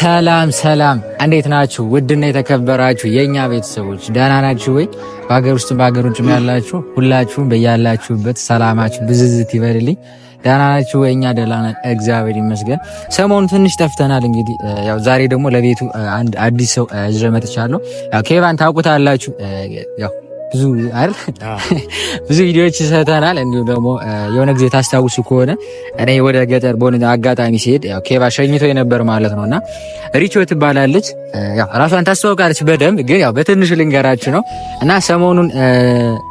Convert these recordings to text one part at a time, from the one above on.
ሰላም ሰላም፣ እንዴት ናችሁ? ውድና የተከበራችሁ የእኛ ቤተሰቦች ደህና ናችሁ ወይ? በሀገር ውስጥ በሀገር ውጭ ያላችሁ ሁላችሁም በያላችሁበት ሰላማችሁ ብዝዝት ይበልልኝ። ደህና ናችሁ ወይ? እኛ ደህና ነን፣ እግዚአብሔር ይመስገን። ሰሞኑ ትንሽ ጠፍተናል። እንግዲህ ያው ዛሬ ደግሞ ለቤቱ አንድ አዲስ ሰው ይዤ መጥቻለሁ። ያው ኬቫን ታውቁታላችሁ ያው ብዙ አይደል ብዙ ቪዲዮዎች ሰተናል። እንዲሁም ደግሞ የሆነ ጊዜ ታስታውሱ ከሆነ እኔ ወደ ገጠር በሆነ አጋጣሚ ሲሄድ ኬባ ሸኝቶ የነበር ማለት ነው እና ሪቾ ትባላለች። ራሷን ታስተዋውቃለች በደንብ ግን ያው በትንሹ ልንገራችሁ ነው እና ሰሞኑን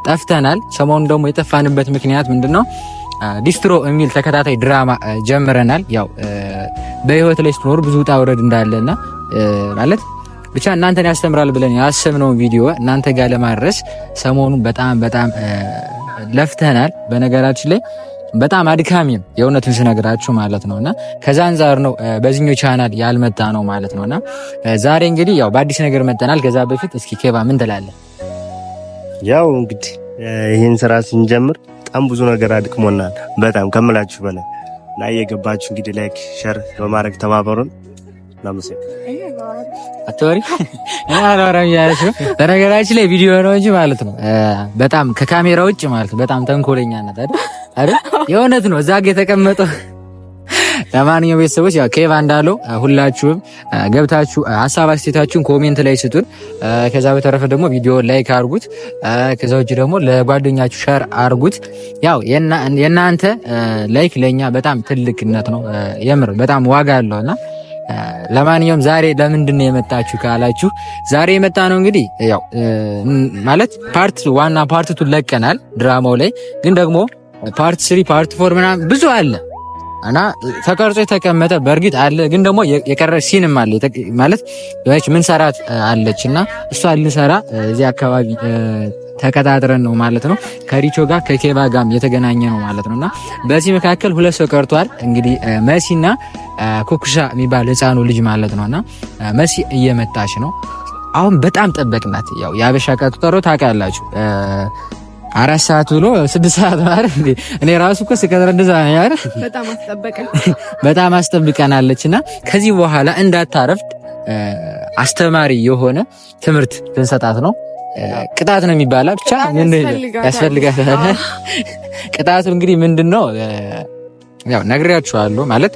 ጠፍተናል። ሰሞኑን ደግሞ የጠፋንበት ምክንያት ምንድን ነው? ዲስትሮ የሚል ተከታታይ ድራማ ጀምረናል። ያው በህይወት ላይ ስትኖር ብዙ ውጣ ውረድ እንዳለና ማለት ብቻ እናንተን ያስተምራል ብለን ያሰብነውን ቪዲዮ እናንተ ጋር ለማድረስ ሰሞኑን በጣም በጣም ለፍተናል። በነገራችን ላይ በጣም አድካሚም የእውነቱን ስነግራችሁ ማለት ነውና ከዛ አንጻር ነው በዚህኛው ቻናል ያልመጣ ነው ማለት ነውና ዛሬ እንግዲህ ያው በአዲስ ነገር መጠናል። ከዛ በፊት እስኪ ኬባ ምን ትላለህ? ያው እንግዲህ ይህን ስራ ስንጀምር በጣም ብዙ ነገር አድክሞናል። በጣም ከምላችሁ በላይ እና እየገባችሁ እንግዲህ ላይክ ሸር በማድረግ ተባበሩን። በነገራችን ላይ ቪዲዮ ነው እንጂ ማለት ነው በጣም ከካሜራ ውጭ ማለት ነው በጣም ተንኮለኛ ናት አይደል? የእውነት ነው እዛ የተቀመጠው። ለማንኛውም ቤተሰቦች ያው ኬቭ እንዳለው ሁላችሁም ገብታችሁ ሀሳብ አስተያየታችሁን ኮሜንት ላይ ስጡን። ከዛ በተረፈ ደግሞ ቪዲዮ ላይክ አርጉት። ከዛ ውጭ ደግሞ ለጓደኛችሁ ሸር አርጉት። ያው የእናንተ ላይክ ለእኛ በጣም ትልቅነት ነው፣ የምር በጣም ዋጋ አለውና ለማንኛውም ዛሬ ለምንድን ነው የመጣችሁ ካላችሁ ዛሬ የመጣ ነው እንግዲህ ያው ማለት ፓርት ዋና ፓርት ቱ ለቀናል ድራማው ላይ ግን ደግሞ ፓርት ስሪ ፓርት ፎር ምናምን ብዙ አለ እና ተቀርጾ የተቀመጠ በእርግጥ አለ፣ ግን ደግሞ የቀረ ሲንም አለ ማለት ች ምን ሰራት አለች እና እሷ ልንሰራ እዚህ አካባቢ ተቀጣጥረን ነው ማለት ነው። ከሪቾ ጋር ከኬባ ጋም የተገናኘ ነው ማለት ነው። እና በዚህ መካከል ሁለት ሰው ቀርቷል። እንግዲህ መሲና ኩኩሻ የሚባል ህፃኑ ልጅ ማለት ነው። እና መሲ እየመጣች ነው አሁን። በጣም ጠበቅናት። ያው የአበሻ ቀጠሮ ታውቃላችሁ አራት ሰዓት ብሎ ስድስት ሰዓት ማለት እንዴ! እኔ ራሱ እኮ ስከተረ እንደዛ ነው ያረ በጣም አስጠብቀን በጣም አስጠብቀናለችና ከዚህ በኋላ እንዳታረፍድ አስተማሪ የሆነ ትምህርት ልንሰጣት ነው። ቅጣት ነው የሚባላ ብቻ ያስፈልጋል። ቅጣቱ እንግዲህ ምንድን ነው? ያው ነግሬያችኋለሁ። ማለት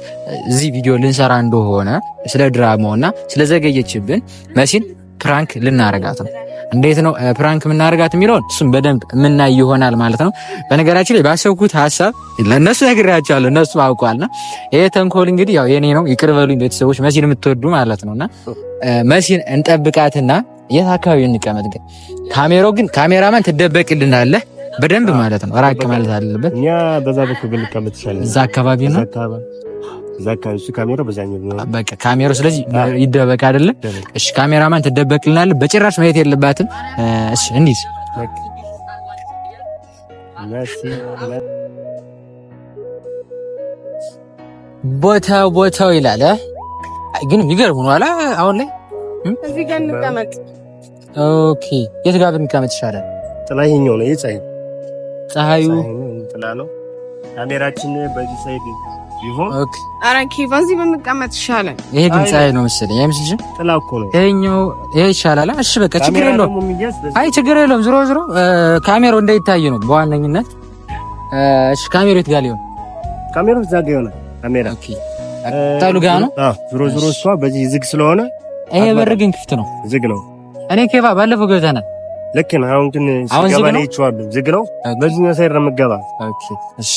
እዚህ ቪዲዮ ልንሰራ እንደሆነ ስለ ድራማውና ስለዘገየችብን መሲን ፕራንክ ልናረጋት ነው። እንዴት ነው ፕራንክ የምናደርጋት የሚለውን እሱም በደንብ የምናይ ይሆናል ማለት ነው። በነገራችን ላይ ባሰብኩት ሀሳብ ለእነሱ ነግሬያቸዋለሁ፣ እነሱም አውቀዋልና ይሄ ተንኮል እንግዲህ ያው የኔ ነው። ይቅር በሉኝ ቤተሰቦች፣ መሲን የምትወዱ ማለት ነውና መሲን እንጠብቃትና የት አካባቢ እንቀመጥ ግን? ካሜራው ግን ካሜራማን ትደበቅልናለህ በደንብ ማለት ነው። ራቅ ማለት አለበት። እኛ በዛ በኩል ብንቀመጥ ይሻላል። እዛ አካባቢ ነው ካሜራ በቃ ካሜራ ስለዚህ ይደበቅ አይደለ? እሺ ካሜራማን ትደበቅልናል። በጭራሽ ማየት የለባትም። እሺ እንዴ ቦታ ቦታው ይላል ግን የሚገርም ነው አላ አሁን ላይ እዚህ ጋር እንቀመጥ። ኦኬ የት ጋር ብንቀመጥ ይሻላል? ጥላ ይኸኛው ነው። የፀሐይ ፀሐዩ ጥላ ነው። ካሜራችን በዚህ ሳይድ ቢሆን ኦኬ። ኧረ በዚህ ብንቀመጥ ይሻላል። ይሄ ድምፅ ነው መሰለኝ አይመስልሽም? ጥላ እኮ ነው ይሄኛው። ይሄ ይሻላል። እሺ በቃ ችግር የለውም። አይ ችግር የለውም። ካሜራው እንዳይታይ ነው በዋነኝነት። እሺ ካሜራው የት ጋር ሊሆን? ካሜራው እዛ ጋር ይሆናል። ካሜራ ጋር ነው። እሷ በዚህ ዝግ ስለሆነ ይሄ በር ግን ክፍት ነው። ዝግ ነው። እኔ ኬባ ባለፈው ገብተናል ልክ ነው። አሁን ግን ሲገባ ነው ይችዋለሁ። ዝግ ነው። በዚህ ሳይድ ነው የምገባ። ኦኬ፣ እሺ፣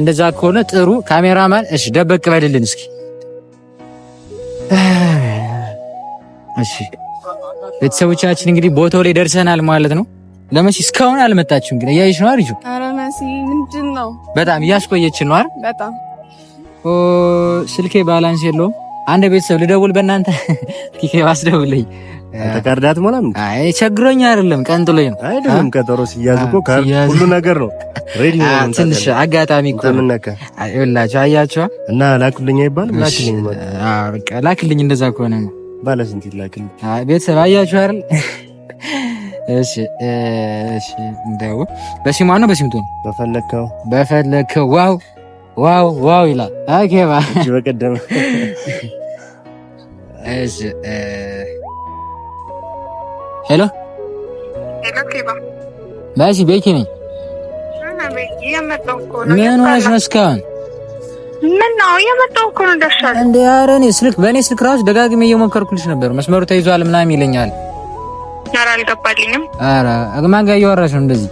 እንደዛ ከሆነ ጥሩ። ካሜራማን፣ እሺ፣ ደበቅ በልልን እስኪ። እሺ፣ ቤተሰቦቻችን እንግዲህ ቦታው ላይ ደርሰናል ማለት ነው። ለመሲ እስካሁን አልመጣችም፣ ግን እያየሽ ነው አርጁ። ኧረ መሲ ምንድን ነው? በጣም እያስቆየችን ነው አይደል? በጣም ኦ፣ ስልኬ ባላንስ የለውም። አንድ ቤተሰብ ልደውል፣ በእናንተ ኪኬ ባስደውልኝ ተቀርዳት ሞላም አይ ቸግሮኝ አይደለም፣ ቀን ጥሎኝ ነው። አይደለም ቀጠሮ ሲያዝ እኮ ሁሉ ነገር ነው። ሬዲ ነው። ትንሽ አጋጣሚ እኮ ይኸውላችሁ፣ አያችኋ እና ላክልኝ አይባልም። ላክልኝ አዎ፣ በቃ ላክልኝ። እንደዛ ከሆነ ነው ባለ ስንት ይላክልኝ። አይ ቤተሰብ አያችሁ አይደል? እሺ፣ እሺ። እንደው በሲማ ማነው በሲምቶ ነው በፈለከው፣ በፈለከው። ዋው፣ ዋው፣ ዋው ይላል። አይ ከባ እጅ በቀደም እሺ እ ሄሎ ባሲ ቤኪ ነኝ። ምን ሆነሽ ነው እስካሁን? ምን ነው የመጣው እኮ ነው ደርሻለሁ። እንደ ኧረ እኔ ስልክ በእኔ ስልክ ራሱ ደጋግሜ እየሞከርኩልሽ ነበር፣ መስመሩ ተይዟል ምናምን ይለኛል። ኧረ አልገባልኝም። ኧረ ማን ጋር እያወራሽ ነው እንደዚህ?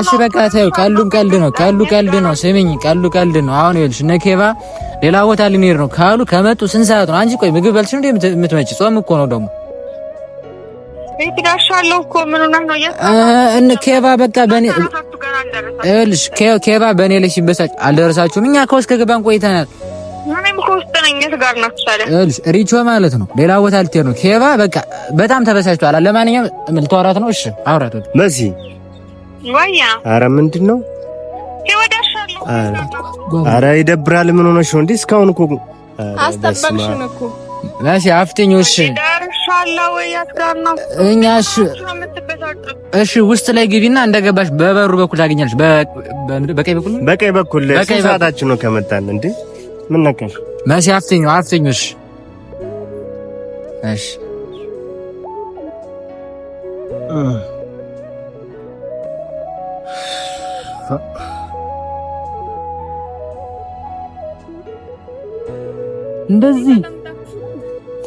እሺ በቃ ተይው፣ ቀልዱም ቀልድ ነው። ቀልዱ ቀልድ ነው። ስሚኝ፣ ቀልዱ ቀልድ ነው። አሁን ይኸውልሽ እነ ኬባ ሌላ ቦታ ልንሄድ ነው ካሉ ከመጡ ስንት ሰዓት ነው? አንቺ ቆይ ምግብ በልሽ እንዴ የምትመጪ? ጾም እኮ ነው ደግሞ ትጋሻለሁ እን ኬባ በቃ በኔ እልሽ ኬባ በኔ ላይ ሲበሳጭ አልደረሳችሁም። እኛ ከውስጥ ከገባን ቆይተናል። ምንም እልሽ ሪቾ ማለት ነው። ሌላ ቦታ ልትሄድ ነው። ኬባ በቃ በጣም ተበሳጭቷል። ለማንኛውም ልታወራት ነው? እሺ አውራት። መሲ ወያ አረ ምንድን ነው? አረ ይደብራል። ምን ሆነሽ ነው እንዴ? እስካሁን እኮ አስጠበቅሽን እኮ መሲ አፍጥኝ። እሺ እሺ፣ ውስጥ ላይ ግቢና እንደገባሽ በበሩ በኩል ታገኛለሽ። በቀኝ በኩል በቀኝ በኩል ሰዓታችን ነው ከመጣን ምን ነካሽ? መሲ እሺ፣ እሺ እንደዚህ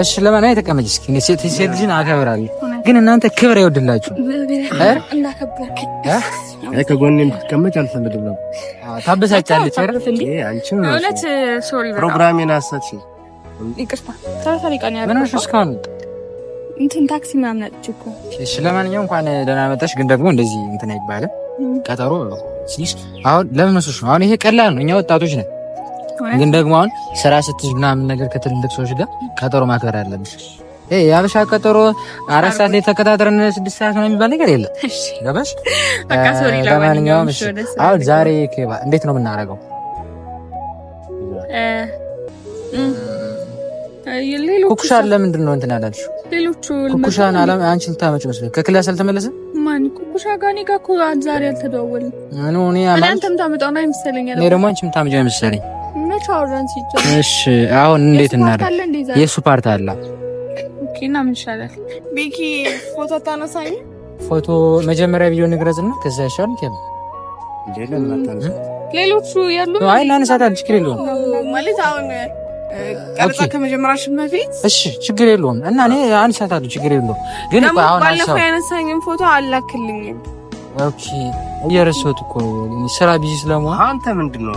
እሺ ለማና የተቀመጭ እስኪ እኔ ሴት ሴት ልጅን አከብራለሁ፣ ግን እናንተ ክብር አይወድላችሁ። አይ ከጎኔ እንድትቀመጭ አልፈልግም ነበር። ታበሳጫለች አይደል? አንቺ እውነት ሶሪ፣ ፕሮግራሜን አሳትሽ። ይቅርታ እስካሁን እንትን ታክሲ ምናምን አጥቼ እኮ። እሺ ለማንኛውም እንኳን ደህና መጣሽ። ግን ደግሞ እንደዚህ እንትን አይባልም ቀጠሮ። አሁን ለምን መሰለሽ ነው፣ አሁን ይሄ ቀላል ነው፣ እኛ ወጣቶች ነን ግን ደግሞ አሁን ስራ ስትሽ ምናምን ነገር ከትልልቅ ሰዎች ጋር ቀጠሮ ማክበር አለብሽ። የአበሻ ቀጠሮ አራት ሰዓት ላይ ተቀጣጥረን ስድስት ሰዓት ነው የሚባል ነገር የለም። ገባሽ? ለማንኛውም አሁን ዛሬ እንዴት ነው የምናደርገው? ኩኩሻ ለምንድን ነው እንትን ያላችሁ? ኩኩሻን አላ አንቺ ልታመጭ መስሎኝ ከክላስ አልተመለሰም። ማን ኩኩሻ ጋር እኔ ጋር እኮ ዛሬ አልተደዋወልንም። እኔ ደግሞ አንቺ የምታመጪው አይመስለኝ መች አወራን? እሺ አሁን እንዴት እናደርግ? የሱ ፓርት አለ ምን ይሻላል? ቤኪ ፎቶ ፎቶ መጀመሪያ ቪዲዮ ከዛ ሌሎቹ ያሉ አይ እናነሳታል። ችግር የለውም ማለት አሁን ከመጀመራችን በፊት እሺ፣ ችግር የለውም እና እኔ ችግር የለውም ግን አሁን ባለፈው ፎቶ አላክልኝም። ኦኬ፣ እየረሳሁት እኮ ስራ ቢዚ ስለመሆን አንተ ምንድን ነው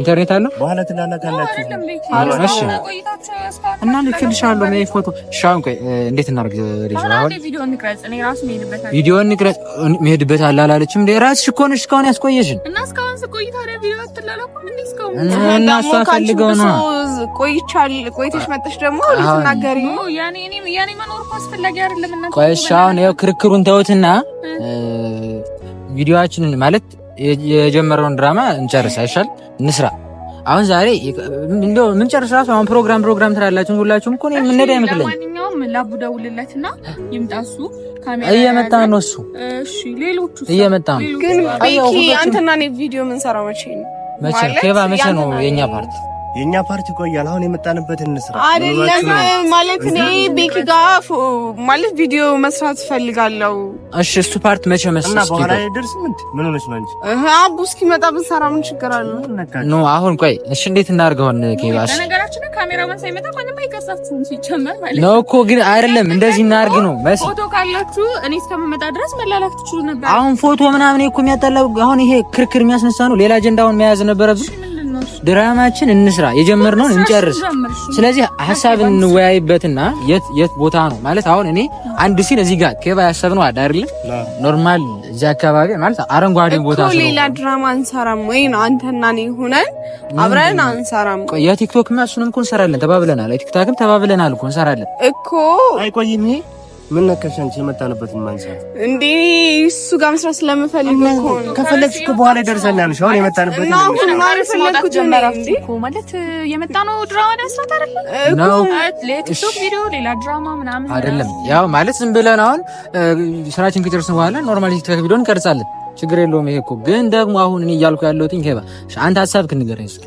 ኢንተርኔት አለው በኋላ ትላላካላችሁ። እሺ እና ልክልሻለሁ ነው ፎቶ። እሺ አሁን ቆይ እንዴት እናድርግ? ቪዲዮ እንቅረጽ። መሄድበት አለ አላለችም እንዴ? ራስሽ እኮ ነሽ እስካሁን ያስቆየሽን። እና እስካሁን ስቆይታ ቪዲዮ አትላለኩም እንዴ? እስካሁን እና እሷ ፈልገው ነው ቆይቻል። ቆይተሽ መጥተሽ ደግሞ ልትናገሪ ነው። ያኔ እኔ ያኔ መኖር አስፈላጊ አይደለም። እና ቆይ እሺ አሁን ያው ክርክሩን ተውትና ቪዲዮአችንን ማለት የጀመረውን ድራማ እንጨርስ አይሻል? እንስራ። አሁን ዛሬ እንደው የምንጨርስ ራሱ አሁን ፕሮግራም ፕሮግራም ትላላችሁ ሁላችሁም እኮ ነው የምንሄድ አይመስለኝም። ለማንኛውም ላቡ ደውልለትና ይምጣ። እሱ እየመጣ ነው። እሱ እሺ፣ ሌሎቹ እየመጣ ነው። ግን ቤኪ አንተና እኔ ቪዲዮ የምንሰራው መቼ ነው? መቼ ኬባ መቼ ነው የኛ ፓርት የኛ ፓርቲ ይቆያል። አሁን የመጣንበትን እንስራ አይደለም ማለት እኔ ቤኪ ጋር ማለት ቪዲዮ መስራት ፈልጋለሁ። እሺ እሱ ፓርት መቼ መስራት እና በኋላ ደርስ ምን ምን ሆነሽ ነው እንጂ እህ አቡ እስኪመጣ ብንሰራ ምን ችግር አለ? ኖ አሁን ቆይ፣ እሺ እንዴት እናርገውን ከይባስ ነገራችን ካሜራማን ሳይመጣ ማንም አይከሳትም። ሲጀመር ማለት ነው እኮ ግን አይደለም እንደዚህ እናርግ ነው መስ ፎቶ ካላችሁ እኔ እስከምመጣ ድረስ መላላክ ትችሉ ነበር። አሁን ፎቶ ምናምን እኮ የሚያጣላው አሁን ይሄ ክርክር የሚያስነሳ ነው። ሌላ አጀንዳውን መያዝ ነበረብን። ድራማችን እንስራ፣ የጀመርነውን እንጨርስ። ስለዚህ ሀሳብ እንወያይበትና የት የት ቦታ ነው ማለት አሁን እኔ አንድ ሲን እዚህ ጋር ኬባ ያሰብነው አዳር ኖርማል እዚህ አካባቢ ማለት አረንጓዴ ቦታ ነው። ሌላ ድራማ አንሰራም ወይ ነው አንተና እኔ ሆነን አብረን አንሰራም። የቲክቶክ ማሱንም እኮ እንሰራለን ተባብለናል። የቲክታክም ተባብለናል እኮ እንሰራለን እኮ አይቆይም ይሄ ምን ነካሽ አንቺ? የመጣንበትን ማንሳት እንዴ? እሱ ጋር መስራት ስለምፈልግ እኮ ነው። ከፈለግሽ እኮ በኋላ ይደርሰናል። ነው አሁን የመጣንበት ነው። አሁን ማለት ስለኩት ጀመራችሁ እኮ ማለት የመጣ ነው ድራማ ለመስራት አይደለም ነው። ቲክቶክ ቪዲዮ፣ ሌላ ድራማ ምናምን አይደለም። ያው ማለት ዝም ብለን አሁን ስራችን ከጨረስን በኋላ ኖርማል ቲክቶክ ቪዲዮ እንቀርጻለን። ችግር የለውም። ይሄ እኮ ግን ደግሞ አሁን እኔ እያልኩ ያለሁት አንተ ሀሳብ ክንገረኝ እስኪ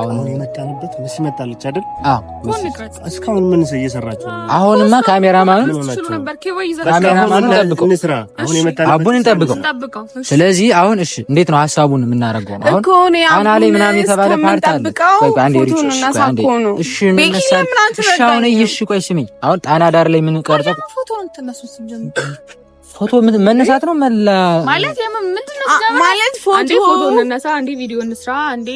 አሁን የመጣንበት መጣለች አይደል? እስካሁን ምን እየሰራችሁ? አሁንማ ካሜራማኑን አቡን እንጠብቀው። ስለዚህ አሁን እሺ፣ እንዴት ነው ሀሳቡን የምናደርገው? አሁን አና ላይ ምናምን የተባለ ፓርት አለ። ቆይ አሁን ጣና ዳር ላይ ምን ቀርጸው ፎቶ መነሳት ነው መላ ማለት ማለት ፎቶ ፎቶ እንነሳ፣ አንዴ ቪዲዮ እንስራ፣ አንዴ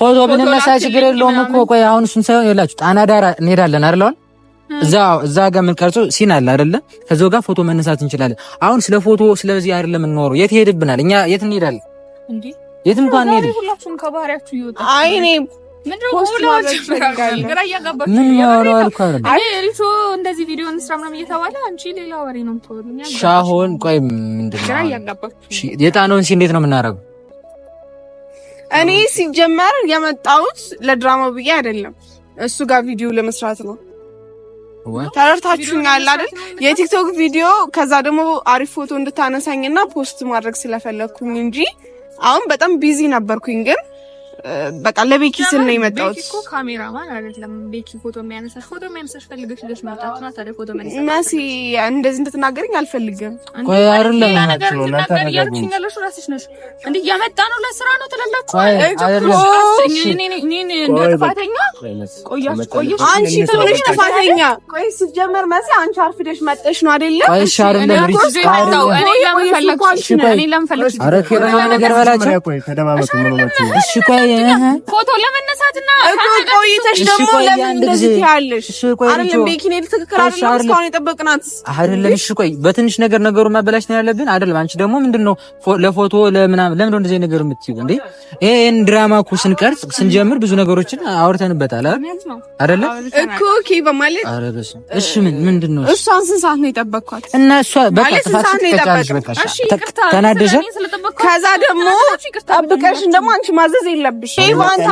ፎቶ ብንነሳ ችግር የለውም እኮ። ቆይ አሁን እሱን ሳይሆን ይላችሁ ጣና ዳር እንሄዳለን አይደል? አሁን እዛ እዛ ጋር ምን የምንቀርጾ ሲን አለ አይደለ? ከዛው ጋር ፎቶ መነሳት እንችላለን። አሁን ስለ ፎቶ ስለዚህ አይደለም የምንኖረው። የት ይሄድብናል? እኛ የት እንሄዳለን? የት እንኳን እንሄድ ሻሆን ቆይ፣ የጣነውን ሲ እንዴት ነው የምናደርገው? እኔ ሲጀመር የመጣሁት ለድራማው ብዬ አይደለም፣ እሱ ጋር ቪዲዮ ለመስራት ነው። ተረድታችሁኛል አይደል? የቲክቶክ ቪዲዮ ከዛ ደግሞ አሪፍ ፎቶ እንድታነሳኝና ፖስት ማድረግ ስለፈለግኩኝ እንጂ አሁን በጣም ቢዚ ነበርኩኝ ግን በቃ ለቤኪ ስል ነው የመጣሁት። ቤኪ እኮ ካሜራማን አይደለም። ቤኪ ፎቶ የሚያነሳሽ ፎቶ የሚያነሳሽ ፈልገሽ ልጅ መጣት ነው። ታዲያ ፎቶ መነሳት እናሲ እንደዚህ እንድትናገረኝ አልፈልግም። ቆይ አይደለም ማለት ነው ለታደርጉኛለሽ ራስሽ ነሽ እንዴ ያመጣ ነው ለስራ ነው ትላላችሁ። እሺ አይደለም እንደ አንቺ ትብለሽ ጥፋተኛ። ቆይ ስትጀመር መሲ አንቺ አርፍደሽ መጠሽ ነው አይደለም። እሺ አይደለም ልጅ አይደለም እኔ ለምን ፈለግሽ? እኔ ለምን ፈለግሽ? አረ ኬራ ነገር በላችሁ። እሺ ቆይ ፎቶ ለመነሳት ቆይተሽ ደግሞ ለምን እንደዚህ ትያለሽ? አይደለም እሺ ቆይ በትንሽ ነገር ነገሩ ማበላሽ ነው ያለብን አይደለም። አንቺ ደግሞ ምንድን ነው ለፎቶ ለምናምን ለምን እንደዚህ ነገር የምትይው እንዴ? ይሄን ድራማ እኮ ስንቀርጽ ስንጀምር ብዙ ነገሮችን አውርተንበታል አይደለ እኮ ኦኬ በማለት እሺ ምን ምንድን ነው እሷን ስንት ሰዓት ነው የጠበቅኳት? እና እሷ በቃ ጥፋት ትቀጫለሽ። በቃ ተናደሻ። ከዛ ደግሞ ጠብቀሽን ደግሞ አንቺ ማዘዝ የለብን አለብሽ። ሄቫንት ደስ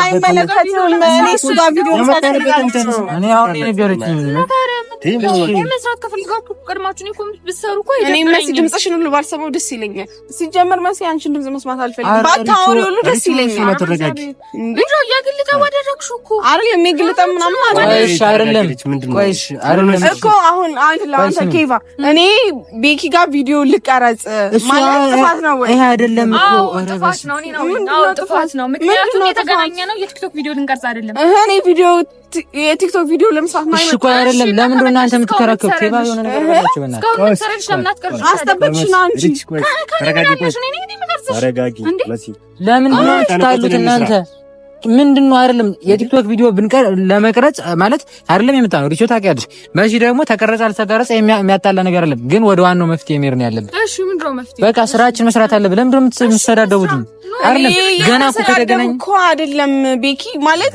ይለኛል። ሲጀመር መሲ መስማት አልፈልግም። ቤኪ ጋር ቪዲዮ ልቀረጽ ማለት ጥፋት ነው ወይ? አይደለም እኮ ጥፋት ነው። ምክንያቱም ነው የተገናኘ ነው። የቲክቶክ ቪዲዮ ልንቀርጽ አይደለም። እኔ ቪዲዮ የቲክቶክ ቪዲዮ ለምሳት ማለት ነው እኮ አይደለም። ለምን እንደሆነ አንተ የምትከራከሩት ቴባ የሆነ ነገር አላችሁ። በእናትህ እስካሁን አንቺ። ለምን ነው ታሉት እናንተ ምንድን ነው አይደለም የቲክቶክ ቪዲዮ ብንቀር ለመቅረጽ ማለት አይደለም የምታ ነው ሪቾ ታውቂያለሽ። በዚህ ደግሞ ተቀረጸ አልተቀረጸ የሚያጣላ ነገር አይደለም፣ ግን ወደ ዋናው መፍትሄ መሄድ ነው ያለብን። እሺ ምንድን ነው መፍትሄ? በቃ ስራችን መስራት አለብን። ለምንድን ነው የምትሰዳደቡት? አይደለም ገና እኮ ከተገናኝ እኮ አይደለም ቤኪ ማለት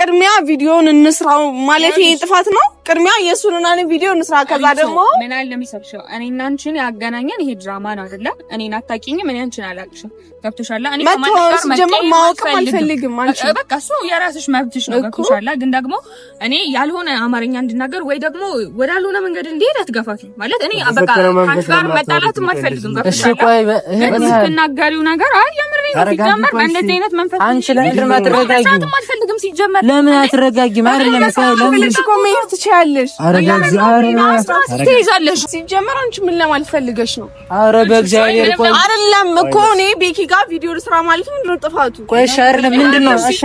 ቅድሚያ ቪዲዮን እንስራው ማለት ይሄ ጥፋት ነው ቅድሚያ የእሱንና ቪዲዮ እንስራ። ከዛ ደግሞ ምን አለ የሚሰብሽው እኔና አንቺን ያገናኘን ይሄ ድራማ ነው አይደለ? እኔን አታውቂኝም፣ እኔ አንቺን አላውቅሽም። ገብቶሻል? እኔ አልፈልግም። በቃ እሱ የራስሽ መብትሽ ነው። ገብቶሻል? ግን ደግሞ እኔ ያልሆነ አማርኛ እንድናገር ወይ ደግሞ ወዳልሆነ መንገድ እንዲሄድ አትገፋት ማለት እኔ በቃ ከአንቺ ጋር መጣላት አልፈልግም። ገብቶሻል? ግን ስትናገሪው ነገር አይ የምር ነው ሲጀመር በእንደዚህ አይነት መንፈስ አንቺ ለምን አትረጋጊም? ሲጀመር ለምን አትረጋጊም? አይደለም ለምን እኮ መሄድ ትችያለሽ ትችያለሽ። ትይዛለሽ። ሲጀመር አንቺ ምን ለማለት ፈልገሽ ነው? ኧረ በእግዚአብሔር ቆይ፣ አይደለም እኮ እኔ ቤኪ ጋር ቪዲዮ ልስራ ማለት ምንድን ነው ጥፋቱ? ቆይ እሺ፣ አይደለም ምንድን ነው? እሺ፣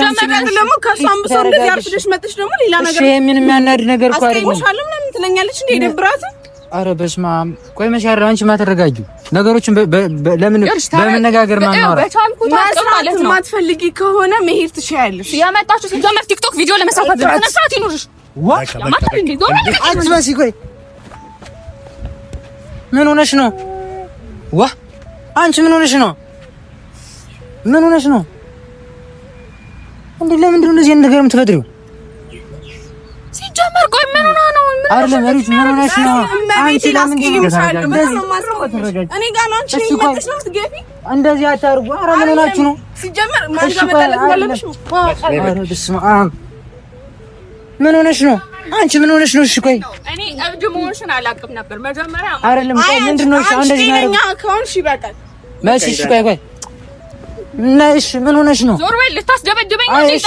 ደግሞ ከእሱ አንብሶ እንደዚህ አርፍደሽ መጥተሽ ደግሞ ሌላ ነገር። እሺ፣ ምን የሚያናድድ ነገር እኮ አይደለም። አስቀይሞሻለሁ ምናምን ትለኛለች እንደ የደብራት አረ በስመ አብ ቆይ መቼ አንቺ ማተረጋጁ ነገሮችን ለምን በመነጋገር ማማራ በቻልኩት አቅም ማለት ነው። ማትፈልጊ ከሆነ መሄድ ትችያለሽ። ያመጣችሁ ሲጀመር ቲክቶክ ቪዲዮ ለመስራት ተነሳት ይኑርሽ አትበሲ። ቆይ ምን ሆነሽ ነው? ዋ አንቺ ምን ሆነሽ ነው? ምን ሆነሽ ነው? እንዴ ለምንድን ነው እንደዚህ ነገር የምትፈጥሪው? ሲጀመር ቆይ ምን ሆነ ነው? አይደለም መሪት ምን ሆነሽ ነው? አንቺ እንደዚህ አታርጉ። ኧረ ምን ሆናችሁ ነው? ሲጀመር ማን ጋር መጣላት ያለብሽ ነው? ምን ሆነሽ ነው አንቺ? ምን ሆነሽ ነው? እሺ ቆይ እኔ እብድ መሆንሽን አላውቅም ነበር መጀመሪያ። አይደለም ቆይ ምንድን ነው? አሁን እንደዚህ ነው ይበቃል። መቼ? እሺ ቆይ ቆይ እና እሺ ምን ሆነሽ ነው? ዞር በል ልታስደበድበኝ ነው? አይደለም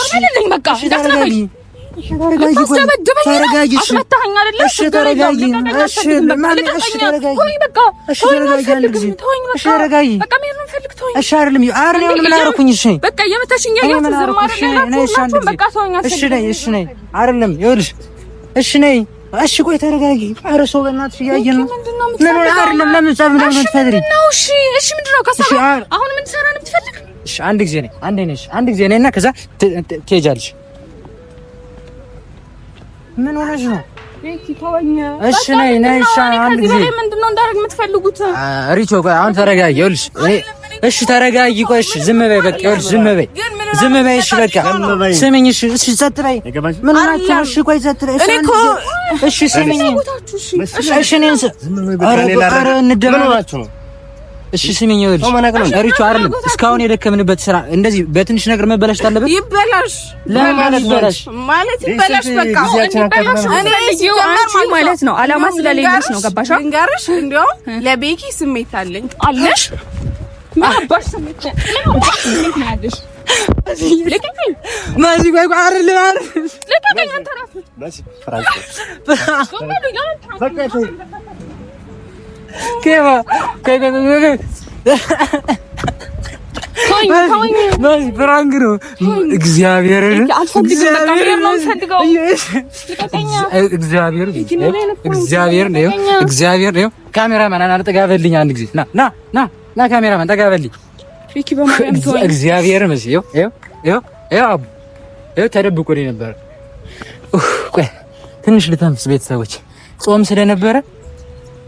እሺ ዞር በልልኝ በቃ እንዳትነካኝ እሺ ቆይ ተረጋጊ። ኧረ ሰው በእናትሽ እያየን ነው። ለምን አይደለም? ለምን ፀብ ነው የምትፈጥሪ? እሺ እሺ፣ ምንድን ነው አሁን? ምን ትሰራ የምትፈልግ? እሺ አንድ ጊዜ ነይ፣ አንድ ጊዜ ነይ እና ከዛ ትሄጃለሽ ምን ሆነሽ ነው? እሺ ነይ ነይ። ሻ አንድ ጊዜ ምንድን ነው እንዳደርግ የምትፈልጉት? ሪቾ ቆይ አሁን ተረጋጊ። ይኸውልሽ እሺ ተረጋጊ። ቆይ እሺ ዝም በይ በቃ። ይኸውልሽ ዝም በይ ዝም በይ እሺ በቃ ስሚኝ። እሺ እሺ ጸጥ በይ። ምን ሆናችሁ? እሺ ቆይ ጸጥ በይ። እኔ እሺ ስሚኝ። እሺ እኔን ኧረ ኧረ እንደምን ሆናችሁ ነው እሺ ስሚኝ፣ ይኸውልሽ መናገር ነው ሪቹ አይደለም። እስካሁን የደከምንበት ስራ እንደዚህ በትንሽ ነገር መበላሽ አለበት። ይበላሽ ይበላሽ ማለት ይበላሽ፣ በቃ ማለት ነው። አላማ ስለሌለሽ ነው። ገባሽ? ልንገርሽ፣ እንዲያው ለቤኪ ስሜት አለኝ አለሽ ማባሽ કે કઈ કઈ በዚ ፍራንክ ነው። ካሜራማን ጠጋበልኝ፣ አንድ ጊዜ ና ና ና ና፣ ካሜራማን ጠጋበልኝ። ተደብቆ ትንሽ ልተንፍስ። ቤተሰቦች ጾም ስለነበረ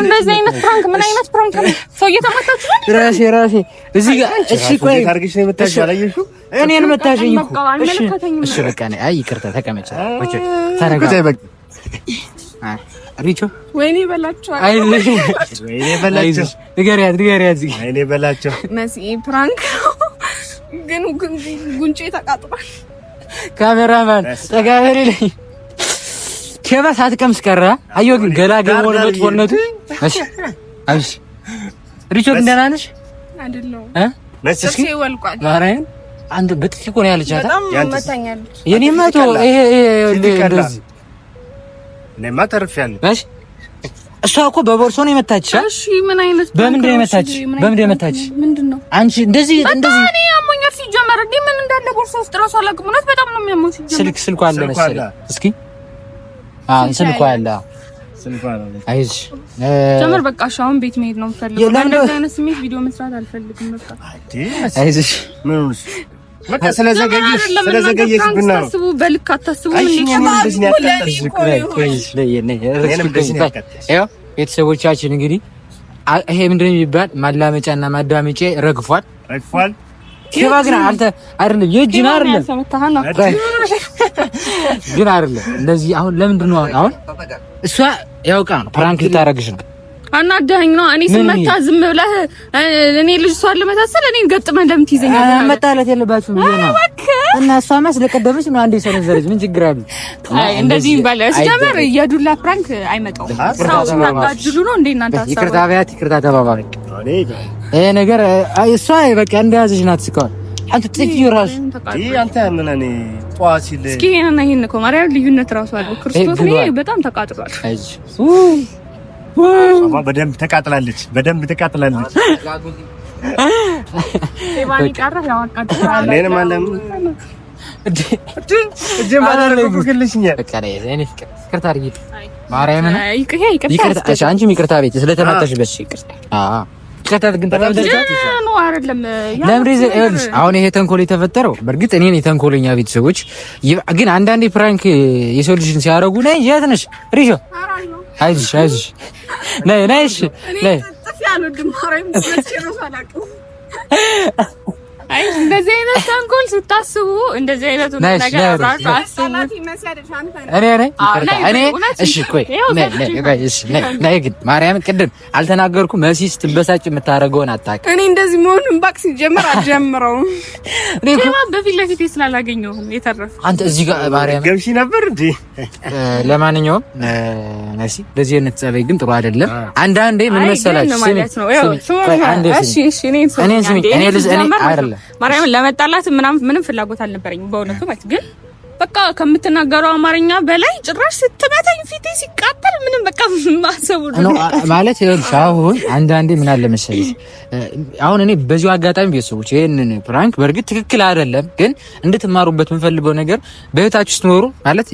እንደዚህ አይነት ፕራንክ ምን አይነት ፕራንክ ነው? ሰው እየተመታችሁ ነው። ራሴ ራሴ እዚህ ጋር እሺ፣ ቆይ ታርግሽ ነው መታሽ አላየሽው? እኔን መታሽኝ እኮ እሺ፣ እሺ፣ በቃ ነኝ። አይ ይቅርታ፣ ተቀመጭ። ወጭ ታረጋ በቃ ሪቾ ወይኔ በላቸው፣ ወይኔ በላቸው፣ ንገሪያት፣ ንገሪያት፣ ወይኔ በላቸው። መሲ ፕራንክ ግን ጉንጬ ተቃጥሯል። ካሜራማን ጠጋበሪ ላይ ሸባ ሳትቀምስ ቀረ። አየሁ ግን ገላገል ሆነ መጥፎነቱ። እሺ እሺ፣ ሪቾት ደህና ነሽ? አይደለም እ ነስኪ ወልቋል። ማርያም አንድ በጥፊ እኮ ነው ያለቻት። የኔ መቶ ይሄ እንደዚህ እኔማ ተርፌያለሁ። እሺ እሷ እኮ በቦርሶ ነው የመታች። እሺ ምን አይነት በምንድን ነው የመታች? በምንድን ነው የመታች? ምንድነው አንቺ እንደዚህ እንደዚህ እኔ አሞኛል። ሲጀመር እንደ ምን እንዳለ ቦርሶ ውስጥ እራሱ አላውቅም። እውነት በጣም ነው የሚያመው። ሲጀመር ስልክ ስልኳ አለ መሰለኝ እስኪ ስልኳ ያለ አይዞሽ ጀምር። በቃ እሺ፣ አሁን ቤት መሄድ ነው የምፈልገው። እንደዚህ አይነት ስሜት ቪዲዮ መስራት አልፈልግም። በቃ አይዞሽ። በቃ ስለዘገየሽ ስለዘገየሽ ብና ነው በልክ አታስቡ። ቤተሰቦቻችን እንግዲህ ይሄ ምንድን ነው የሚባል ማላመጫና ማዳመጫ ረግፏል፣ ረግፏል ሸባ ግን አንተ አይደለም የእጅን አይደለም ግን አይደለም እንደዚህ። አሁን ለምንድን ነው አሁን እሷ ያውቃ ነው ፕራንክ ልታረግሽ ነው። አናዳኸኝ ነው። እኔ ስመታ ዝም ብለህ እኔ ልጅ እሷን ልመታሰል እኔን ገጥመህ እንደምትይዘኛለህ መጣላት የለባችሁም እና እሷማ ስለቀደመች ነው አንዴ ሰነዘረች። ምን ችግር አለ? እንደዚህ ይባላል። ሲጀመር የዱላ ፕራንክ አይመጣውም። ይቅርታ በያት፣ ይቅርታ ተባባሪ ይሄ ነገር እሷ በቃ እንደያዘሽ ናት እስካሁን አንተ ጥፊ ራስ አንተ ምን እኔ ሲል እስኪ ይሄን ይሄን እኮ ማርያም ልዩነት ራሱ አለው። ክርስቶስ ላይ በጣም ተቃጥሏል። በደንብ ተቃጥላለች፣ በደንብ ተቃጥላለች። ኤባኒ ቀረ ያው ይቅርታ ቤት ስለተመጣሽ በሽ ይቅርታ ጨታት ግን በጣም ደርሳት ይሻላል። አይደለም አሁን ይሄ ተንኮል የተፈጠረው በእርግጥ እኔን የተንኮለኛ ቤተሰቦች ግን አንዳንዴ ፕራንክ የሰው ልጅን ሲያረጉ ነይ የት ነሽ ሪሾ አይዞሽ አይዞሽ ነይ ነይ እሺ ነይ አይ እንደዚህ አይነት ተንኮል ስታስቡ እንደዚህ አይነቱ ነገር አብራችሁ አስቡ። እኔ ነኝ ማርያም፣ ቅድም አልተናገርኩም። መሲ ስትበሳጭ የምታደርገውን አታውቅም። እኔ እንደዚህ መሆኑን ባክ ሲጀምር አልጀምረውም። በፊት ለፊት ስላላገኘሁ የተረፈ አንተ እዚህ ጋር ማርያም ገብሽ ነበር እንዴ? ለማንኛውም መሲ እንደዚህ አይነት ጸባይ ግን ጥሩ አይደለም። አንዳንዴ ምን መሰላችሁ? ስሚ፣ እኔን ስሚ፣ እኔ ልጅ እኔ አይደለም ማርያም ለመጣላት ምናምን ምንም ፍላጎት አልነበረኝም በእውነቱ ማለት ግን በቃ ከምትናገረው አማርኛ በላይ ጭራሽ ስትመታኝ ፊቴ ሲቃጠል ሲከተል ምንም በቃ ማሰቡ ነው ማለት ይኸውልሽ፣ አሁን አንዳንዴ ምን አለ መሰለሽ፣ አሁን እኔ በዚሁ አጋጣሚ ቤተሰቦች ይሄንን ፕራንክ በእርግጥ ትክክል አይደለም፣ ግን እንድትማሩበት የምፈልገው ነገር በህይወታችሁ ስትኖሩ ማለት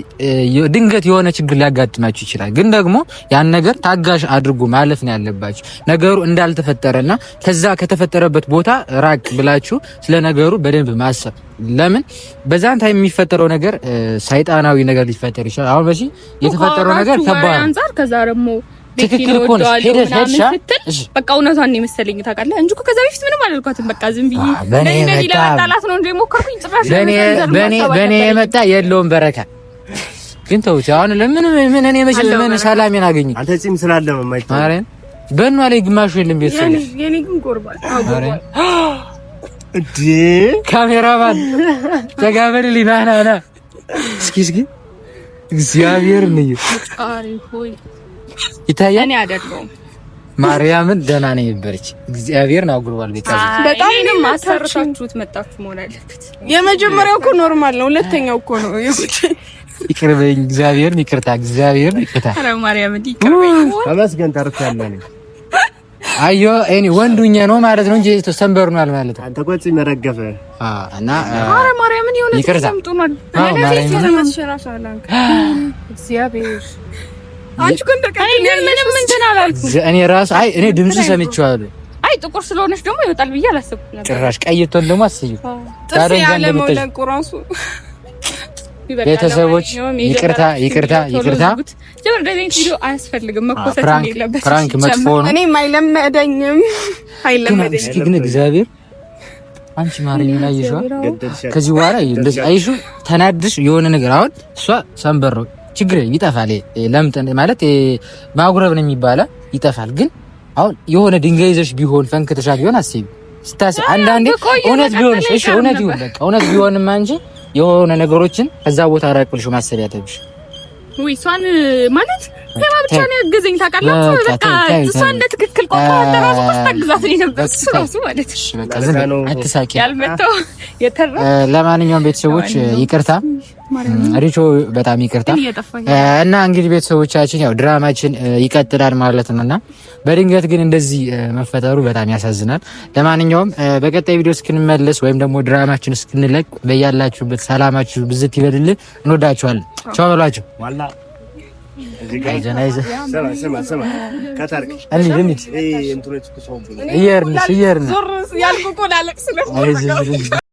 ድንገት የሆነ ችግር ሊያጋጥማችሁ ይችላል። ግን ደግሞ ያን ነገር ታጋሽ አድርጎ ማለፍ ነው ያለባችሁ። ነገሩ እንዳልተፈጠረና ከዛ ከተፈጠረበት ቦታ ራቅ ብላችሁ ስለ ነገሩ በደንብ ማሰብ ለምን በዛን ታይም የሚፈጠረው ነገር ሰይጣናዊ ነገር ሊፈጠር ይችላል። አሁን በዚህ የተፈጠረው ነገር ከባድ አንፃር ከዛ ደግሞ ትክክል እኮ ነሽ። ሄደሽ ሄድሻ በቃ እውነቷን የመሰለኝ ታውቃለህ እንጂ እኮ ከዛ በፊት ምንም አላልኳትም። በቃ ዝም ብዬ ለእኔ ለመጣላት ነው እንጂ ሞከርኩኝ። ጭራሽ በእኔ የመጣ የለውም በረካ ግን ተውት። አሁን ለምን ምን እኔ መቼ ምን ሰላሜን አገኘ አንተ ጺም ስላለ የማይታ ማርያም በእኗ ላይ ግማሹ የለም ቤት ሰለሽ የኔ ግን ቆርባል አጎርባል እንዴ ካሜራማን ተጋበልልኝ ና ና ና እስኪ እስኪ እግዚአብሔር ነው። ጻሪ ሆይ ይታያል። እኔ አይደለሁም ማርያምን ደህና ነኝ ነበረች። እግዚአብሔርን አጉርባል። ቤታ በጣም ነው ማሰርታችሁት መጣችሁ መሆን አለበት። የመጀመሪያው እኮ ኖርማል ነው፣ ሁለተኛው እኮ ነው ይሁት ይቅርበኝ። እግዚአብሔርን ይቅርታ፣ እግዚአብሔርን ይቅርታ። ኧረ ማርያምን ይቅርበኝ። ተመስገን ተርፌያለሁ። አዮ እኔ ወንዱኛ ነው ማለት ነው እንጂ ተሰንበርናል ማለት ነው። አንተ ጎጽ መረገፈ እና አረ ማርያምን የሆነ ተሰምጡናል። እኔ ራሱ አይ እኔ ድምጽ ሰምቼዋለሁ። አይ ጥቁር ስለሆነች ደግሞ ይወጣል ብዬ አላሰብኩም ነበር። ጭራሽ ቀይቶን ደግሞ አስዩ ቤተሰቦች ይቅርታ ይቅርታ ይቅርታ። ፍራንክ መጥፎ ነው። እኔም አይለመደኝም አይለመደኝም። እስኪ ግን እግዚአብሔር አንቺ ማርያም ላይ ይሽዋ ከዚህ በኋላ እንደዚህ አይሹ ተናድሽ የሆነ ነገር አሁን እሷ ሰንበሮ ችግር ይጠፋል። ለምጥ ማለት ማጉረብ ነው የሚባለው ይጠፋል። ግን አሁን የሆነ ድንጋይ ይዘሽ ቢሆን ፈንክተሻ ቢሆን አስቢ ስታስ አንዳንዴ እውነት ቢሆን እሺ እውነት ይሁን በቃ እውነት ቢሆንማ እንጂ የሆነ ነገሮችን ከዛ ቦታ ራቅ ብልሽ ማሰብ ያለብሽ ወይ እሷን ማለት ብቻ ነው ያገዘኝ። ታውቃላችሁ በቃ እሷ እንደ ትክክል ለማንኛውም ቤተሰቦች ይቅርታ፣ ሪቾ በጣም ይቅርታ። እና እንግዲህ ቤተሰቦቻችን ያው ድራማችን ይቀጥላል ማለት ነውና በድንገት ግን እንደዚህ መፈጠሩ በጣም ያሳዝናል። ለማንኛውም በቀጣይ ቪዲዮ እስክንመለስ ወይም ደግሞ ድራማችን እስክንለቅ በያላችሁበት ሰላማችሁ ብዝት ይበልልን። እንወዳችኋለን። ቻው በሏቸው። እየሄድን እየሄድን